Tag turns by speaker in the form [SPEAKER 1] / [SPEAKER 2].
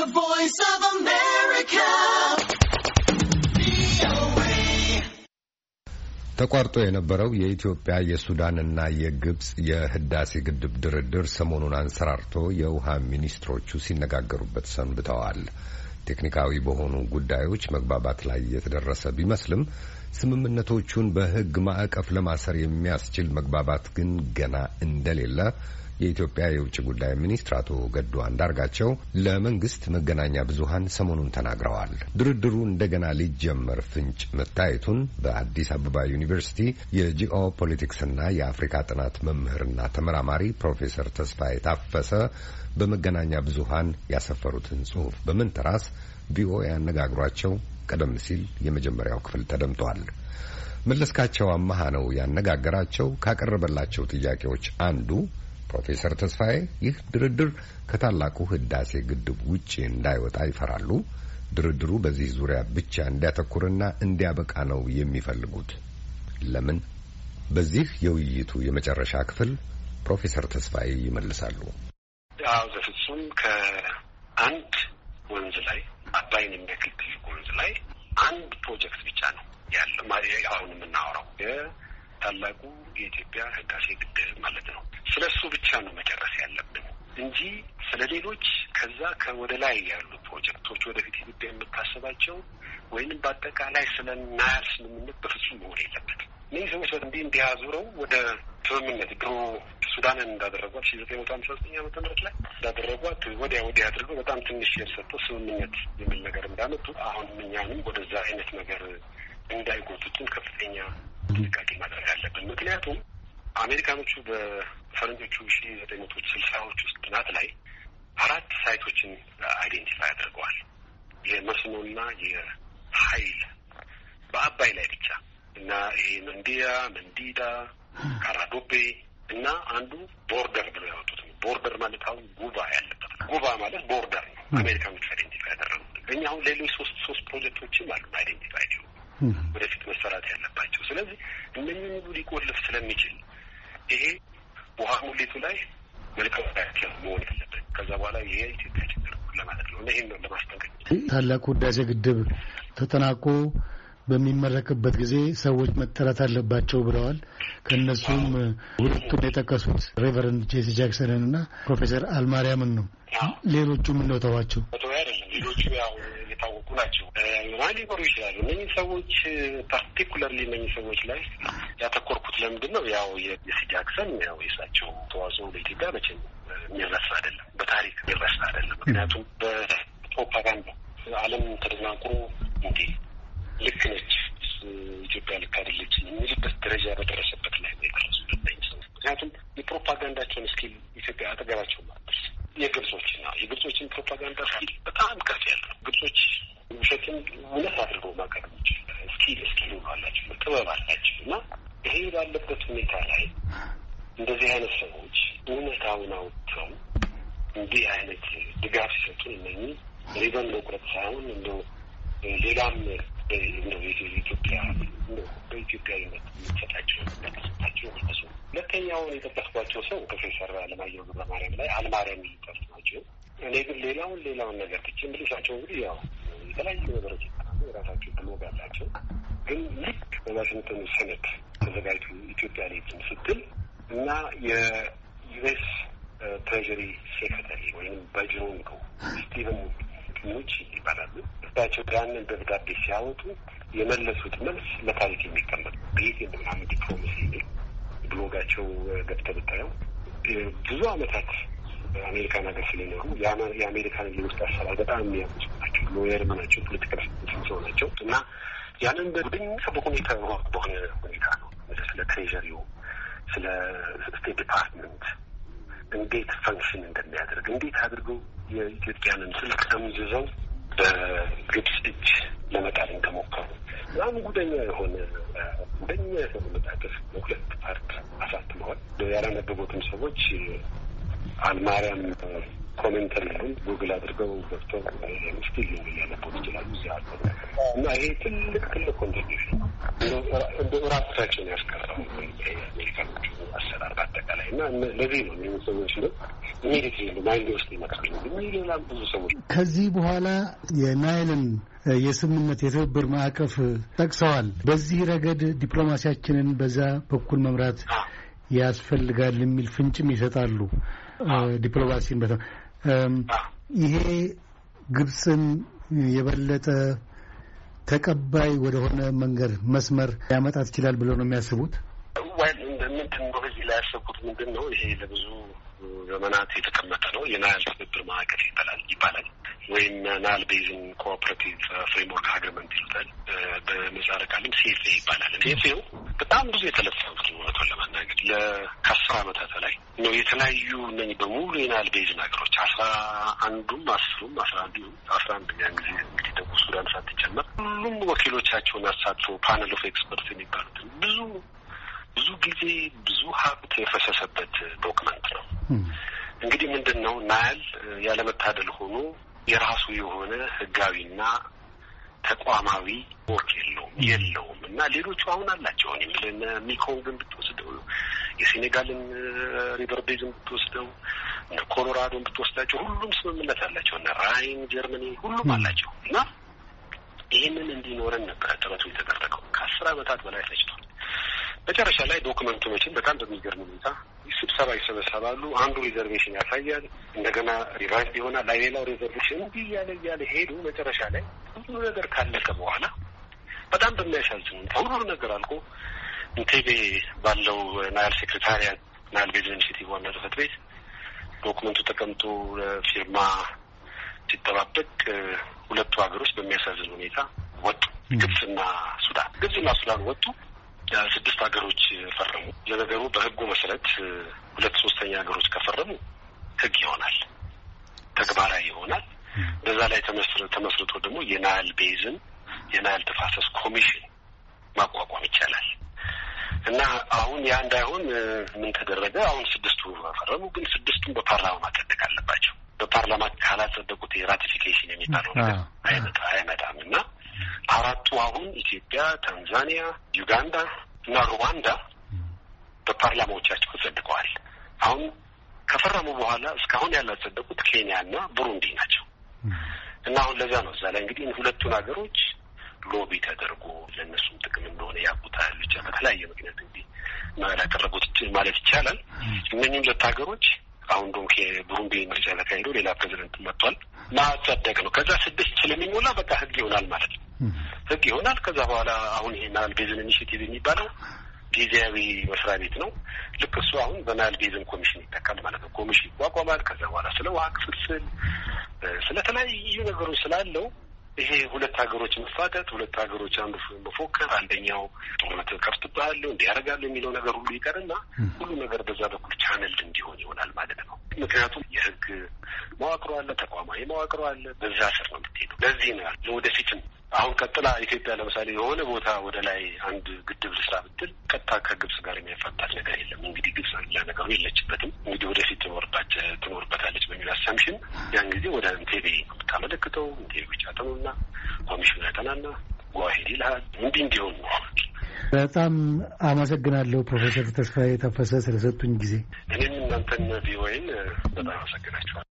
[SPEAKER 1] The Voice of America.
[SPEAKER 2] ተቋርጦ የነበረው የኢትዮጵያ የሱዳንና የግብፅ የህዳሴ ግድብ ድርድር ሰሞኑን አንሰራርቶ የውሃ ሚኒስትሮቹ ሲነጋገሩበት ሰንብተዋል። ቴክኒካዊ በሆኑ ጉዳዮች መግባባት ላይ የተደረሰ ቢመስልም ስምምነቶቹን በህግ ማዕቀፍ ለማሰር የሚያስችል መግባባት ግን ገና እንደሌለ የኢትዮጵያ የውጭ ጉዳይ ሚኒስትር አቶ ገዱ አንዳርጋቸው ለመንግስት መገናኛ ብዙኃን ሰሞኑን ተናግረዋል። ድርድሩ እንደገና ሊጀመር ፍንጭ መታየቱን በአዲስ አበባ ዩኒቨርሲቲ የጂኦ ፖለቲክስና የአፍሪካ ጥናት መምህርና ተመራማሪ ፕሮፌሰር ተስፋዬ ታፈሰ በመገናኛ ብዙኃን ያሰፈሩትን ጽሑፍ በመንተራስ ቪኦኤ ያነጋግሯቸው ቀደም ሲል የመጀመሪያው ክፍል ተደምጧል። መለስካቸው አማሃ ነው ያነጋገራቸው። ካቀረበላቸው ጥያቄዎች አንዱ ፕሮፌሰር ተስፋዬ ይህ ድርድር ከታላቁ ህዳሴ ግድብ ውጪ እንዳይወጣ ይፈራሉ። ድርድሩ በዚህ ዙሪያ ብቻ እንዲያተኩርና እንዲያበቃ ነው የሚፈልጉት። ለምን? በዚህ የውይይቱ የመጨረሻ ክፍል ፕሮፌሰር ተስፋዬ ይመልሳሉ።
[SPEAKER 3] አዎ ዘፍጹም ከአንድ ወንዝ ላይ
[SPEAKER 1] አባይን የሚያክል ትልቅ ወንዝ ላይ አንድ ፕሮጀክት ብቻ ነው ያለው አሁን የምናወራው ታላቁ የኢትዮጵያ ህዳሴ ግድብ ማለት ነው። ስለ እሱ ብቻ ነው መጨረስ ያለብን እንጂ ስለ ሌሎች ከዛ ከወደ ላይ ያሉ ፕሮጀክቶች ወደፊት ኢትዮጵያ የምታስባቸው ወይንም በአጠቃላይ ስለ ናያል ስምምነት በፍጹም መሆን የለበትም። እነዚህ ሰዎች እንዲህ እንዲያዙረው ወደ ስምምነት ድሮ ሱዳንን እንዳደረጓት ሺ ዘጠኝ መቶ ሃምሳ ዘጠኝ ዓመተ ምህረት ላይ እንዳደረጓት ወዲያ ወዲያ አድርገው በጣም ትንሽ ሼር ሰጥተው ስምምነት የሚል ነገር እንዳመጡ አሁን እኛንም ወደዛ አይነት ነገር እንዳይጎቱትን ከፍተኛ ጥንቃቄ ማድረግ አለብን። ምክንያቱም አሜሪካኖቹ በፈረንጆቹ ሺ ዘጠኝ መቶ ስልሳዎች ውስጥ ጥናት ላይ አራት ሳይቶችን አይዴንቲፋይ አድርገዋል። የመስኖና የኃይል በአባይ ላይ ብቻ እና ይሄ መንዲያ፣ መንዲዳ፣ ካራዶቤ እና አንዱ ቦርደር ብሎ ያወጡት ነው። ቦርደር ማለት አሁን ጉባ ያለበት ጉባ ማለት ቦርደር ነው። አሜሪካኖቹ አይደንቲፋይ ያደረጉት እኛ አሁን ሌሎች ሶስት ሶስት ፕሮጀክቶችም አሉ አይደንቲፋይ ወደፊት መሰራት ያለባቸው። ስለዚህ እነኝን ሙሉ ሊቆልፍ ስለሚችል ይሄ ውሃ ሙሌቱ ላይ መልካም መሆን ያለበት ከዛ በኋላ ይሄ ኢትዮጵያ ችግር ለማለት ነው። ይህን ነው
[SPEAKER 3] ለማስጠንቀቅ። ታላቁ ህዳሴ ግድብ ተጠናቆ በሚመረቅበት ጊዜ ሰዎች መጠራት አለባቸው ብለዋል። ከእነሱም ሁለቱን የጠቀሱት ሬቨረንድ ጄሲ ጃክሰንን እና ፕሮፌሰር አልማርያምን ነው። ሌሎቹ ምን ነው ተዋቸው?
[SPEAKER 1] ሌሎቹ ያው የታወቁ ናቸው ማ ሊኖሩ ይችላሉ። እነህ ሰዎች ፓርቲኩለርሊ እነህ ሰዎች ላይ ያተኮርኩት ለምንድን ነው? ያው የሲ ጃክሰን ያው የሳቸው ተዋጽኦ ለኢትዮጵያ መቼም የሚረሳ አይደለም፣ በታሪክ የሚረሳ አይደለም። ምክንያቱም በፕሮፓጋንዳ ዓለም ተደናቁሮ እንዴ ልክ ነች ኢትዮጵያ ልክ አይደለች የሚልበት ደረጃ በደረሰበት ላይ ነው የደረሱ ምክንያቱም የፕሮፓጋንዳቸውን ስኪል ኢትዮጵያ አጠገባቸው ማለት የግብጾችን ነው። የግብጾችን ፕሮፓጋንዳ ስኪል በጣም ከፍ ያለ ነው። ግብጾች ውሸትን እውነት አድርገው ማቅረብ ስኪል ስኪል አላቸው፣ ጥበብ አላቸው እና ይሄ ባለበት ሁኔታ ላይ እንደዚህ አይነት ሰዎች እውነታውን አውጥተው እንዲህ አይነት ድጋፍ ሲሰጡ እነኚህ ሪበን መቁረጥ ሳይሆን እንደ ሌላም ኢትዮጵያ በኢትዮጵያዊነት የምትሰጣቸው የሚጠቀስባቸው እነሱ ሁለተኛውን የጠቀስኳቸው ሰው ፕሮፌሰር አለማየሁ ገብረማርያም ላይ አልማርያም የሚጠርስ ናቸው። እኔ ግን ሌላውን ሌላውን ነገር ትቼ ምልሳቸው እንግዲህ ያው የተለያዩ ነገሮች ይጠራሉ። የራሳቸው ብሎግ አላቸው። ግን ልክ በዋሽንግተን ሰነት ተዘጋጅቶ ኢትዮጵያ ሌትን ስትል እና የዩኤስ ትሬዥሪ ሴክሬታሪ ወይም በጅሮንኮ ስቲቨን ግጥሞች ይባላሉ። እሳቸው ያንን ደብዳቤ ሲያወጡ የመለሱት መልስ ለታሪክ የሚቀመጥ ቤት የምናም ዲፕሎማሲ የሚል ብሎጋቸው ገብተ ብታየው ብዙ አመታት አሜሪካን ሀገር ስለኖሩ የአሜሪካን የውስጥ አሰራር በጣም የሚያውቁ ናቸው። ሎየርም ናቸው፣ ፖለቲካል ሰው ናቸው እና ያንን በድኛ በሁኔታ በሆነ ሁኔታ ነው ስለ ትሬዠሪው ስለ ስቴት ዲፓርትመንት እንዴት ፈንክሽን እንደሚያደርግ እንዴት አድርገው የኢትዮጵያንን ስልክ ጠምዝዘው በግብጽ እጅ ለመጣል እንደሞከሩ በጣም ጉደኛ የሆነ ጉደኛ የሆነ መጣጥፍ በሁለት ፓርት አሳትመዋል። ያላነበቡትም ሰዎች አልማርያም ኮመንት ላይም ጉግል አድርገው ገብተው ስቲል ሊያነቦት ይችላሉ። እዚህ አለ እና ይሄ ትልቅ ትልቅ ኮንትሪቢሽን እንደ ራሳችን ያስቀረው አሜሪካኖቹ አሰራር በአጠቃላይ እና ለዚህ ነው የሚሆን ሰዎች ነው ኢሚዲት ማይንድ ውስጥ ይመጣል። ሌላም ብዙ ሰዎች
[SPEAKER 2] ከዚህ
[SPEAKER 3] በኋላ የናይልን የስምምነት የትብብር ማዕቀፍ ጠቅሰዋል። በዚህ ረገድ ዲፕሎማሲያችንን በዛ በኩል መምራት ያስፈልጋል የሚል ፍንጭም ይሰጣሉ። ዲፕሎማሲን በተ ይሄ ግብፅን የበለጠ ተቀባይ ወደሆነ መንገድ መስመር ሊያመጣት ይችላል ብለው ነው የሚያስቡት።
[SPEAKER 1] ምንድን ነው ላይ ያሰብኩት ምንድን ነው ይሄ ለብዙ ዘመናት የተቀመጠ ነው የናይል ወይም ናል ቤዝን ኮኦፐሬቲቭ ፍሬምወርክ አግሪመንት ይሉታል። በምህጻረ ቃልም ሲኤፍኤ ይባላል። ሲኤፍኤው በጣም ብዙ የተለጠፉት እውነቱን ለመናገር ከአስር አመታት በላይ ነው። የተለያዩ እነ በሙሉ የናል ቤዝን ሀገሮች አስራ አንዱም አስሩም አስራ አንዱ አስራ አንደኛ ጊዜ እንግዲህ ደቡብ ሱዳን ሳትጨመር ሁሉም ወኪሎቻቸውን አሳትፎ ፓነል ኦፍ ኤክስፐርት የሚባሉትን ብዙ ብዙ ጊዜ ብዙ ሀብት የፈሰሰበት ዶክመንት ነው። እንግዲህ ምንድን ነው ናያል ያለመታደል ሆኖ የራሱ የሆነ ህጋዊና ተቋማዊ ወርክ የለውም የለውም እና ሌሎቹ አሁን አላቸው። እኔ የምልህ ብትወስደው፣ የሴኔጋልን ሪቨርቤዝን ብትወስደው፣ ኮሎራዶን ብትወስዳቸው ሁሉም ስምምነት አላቸው እና ራይን ጀርመኒ ሁሉም አላቸው እና ይህንን እንዲኖረን ነበረ ጥረቱ የተደረገው ከአስር አመታት በላይ ተችቷል። መጨረሻ ላይ ዶክመንቱ መቼም በጣም በሚገርም ሁኔታ ስብሰባ ይሰበሰባሉ። አንዱ ሪዘርቬሽን ያሳያል፣ እንደገና ሪቫይዝ ይሆናል፣ ላይ ሌላው ሪዘርቬሽን እንዲህ እያለ እያለ ሄዱ። መጨረሻ ላይ ሁሉ ነገር ካለቀ በኋላ በጣም በሚያሳዝን ሁኔታ ሁሉ ነገር አልቆ ኢንቴቤ ባለው ናይል ሴክሬታሪያት ናይል ቤዝን ሲቲ ዋና ጽሕፈት ቤት ዶክመንቱ ተቀምጦ ፊርማ ሲጠባበቅ ሁለቱ ሀገሮች በሚያሳዝን ሁኔታ ወጡ። ግብጽና ሱዳን ግብጽና ሱዳን ወጡ። ስድስት ሀገሮች ፈረሙ። ለነገሩ በህጉ መሰረት ሁለት ሶስተኛ ሀገሮች ከፈረሙ ህግ ይሆናል፣ ተግባራዊ ይሆናል። በዛ ላይ ተመስርቶ ደግሞ የናይል ቤዝን የናይል ተፋሰስ ኮሚሽን ማቋቋም ይቻላል። እና አሁን ያ እንዳይሆን ምን ተደረገ? አሁን ስድስቱ ፈረሙ፣ ግን ስድስቱን በፓርላማ ማጸደቅ አለባቸው። በፓርላማ ካላጸደቁት የራቲፊኬሽን
[SPEAKER 3] የሚባለው ነገር አይመጣም። አሁን ኢትዮጵያ፣ ታንዛኒያ፣
[SPEAKER 1] ዩጋንዳ እና ሩዋንዳ በፓርላማዎቻቸው ጸድቀዋል። አሁን ከፈረሙ በኋላ እስካሁን ያላጸደቁት ኬንያ እና ቡሩንዲ ናቸው። እና አሁን ለዛ ነው እዛ ላይ እንግዲህ ሁለቱን ሀገሮች ሎቢ ተደርጎ ለእነሱም ጥቅም እንደሆነ ያውቁታል። ብቻ በተለያየ ምክንያት እንግዲህ ያቀረቡት ማለት ይቻላል። እነኝም ሁለት ሀገሮች አሁን ዶም ቡሩንዲ ምርጫ ተካሂዶ ሌላ ፕሬዚደንት መጥቷል። ማጸደቅ ነው። ከዛ ስድስት ስለሚሞላ በቃ ህግ ይሆናል ማለት ነው። ህግ ይሆናል። ከዛ በኋላ አሁን ይሄ ናይል ቤዝን ኢኒሽቲቭ የሚባለው ጊዜያዊ መስሪያ ቤት ነው። ልክ እሱ አሁን በናይል ቤዝን ኮሚሽን ይተካል ማለት ነው። ኮሚሽን ይቋቋማል። ከዛ በኋላ ስለ ውሃ ክፍፍል፣ ስለተለያዩ ነገሮች ስላለው ይሄ ሁለት ሀገሮች መፋጠጥ፣ ሁለት ሀገሮች አንዱ መፎከር፣ አንደኛው ጦርነት ከፍትብሃለሁ እንዲህ ያደርጋለሁ የሚለው ነገር ሁሉ ይቀርና ሁሉ ነገር በዛ በኩል ቻነልድ እንዲሆን ይሆናል ማለት ነው። ምክንያቱም የህግ መዋቅሮ አለ፣ ተቋማዊ መዋቅሮ አለ። በዛ ስር ነው የምትሄደው። ለዚህ ነው ለወደፊትም አሁን ቀጥላ ኢትዮጵያ ለምሳሌ የሆነ ቦታ ወደ ላይ አንድ ግድብ ልስራ ብትል ቀጥታ ከግብጽ ጋር የሚያፋጣት ነገር የለም። እንግዲህ ግብጽ ያ ነገሩ የለችበትም። እንግዲህ ወደፊት ትኖርበታለች በሚል አሳምሽን ያን ጊዜ ወደ እንቴቤ የምታመለክተው እንቴቤ ብቻ ተኑና ኮሚሽኑ ያጠናና ጓሄድ ይልሃል እንዲህ እንዲሆን ነው።
[SPEAKER 3] በጣም አመሰግናለሁ ፕሮፌሰር ተስፋዬ ታፈሰ ስለሰጡኝ ጊዜ።
[SPEAKER 1] እኔም እናንተን ቪኦኤን በጣም አመሰግናቸዋል።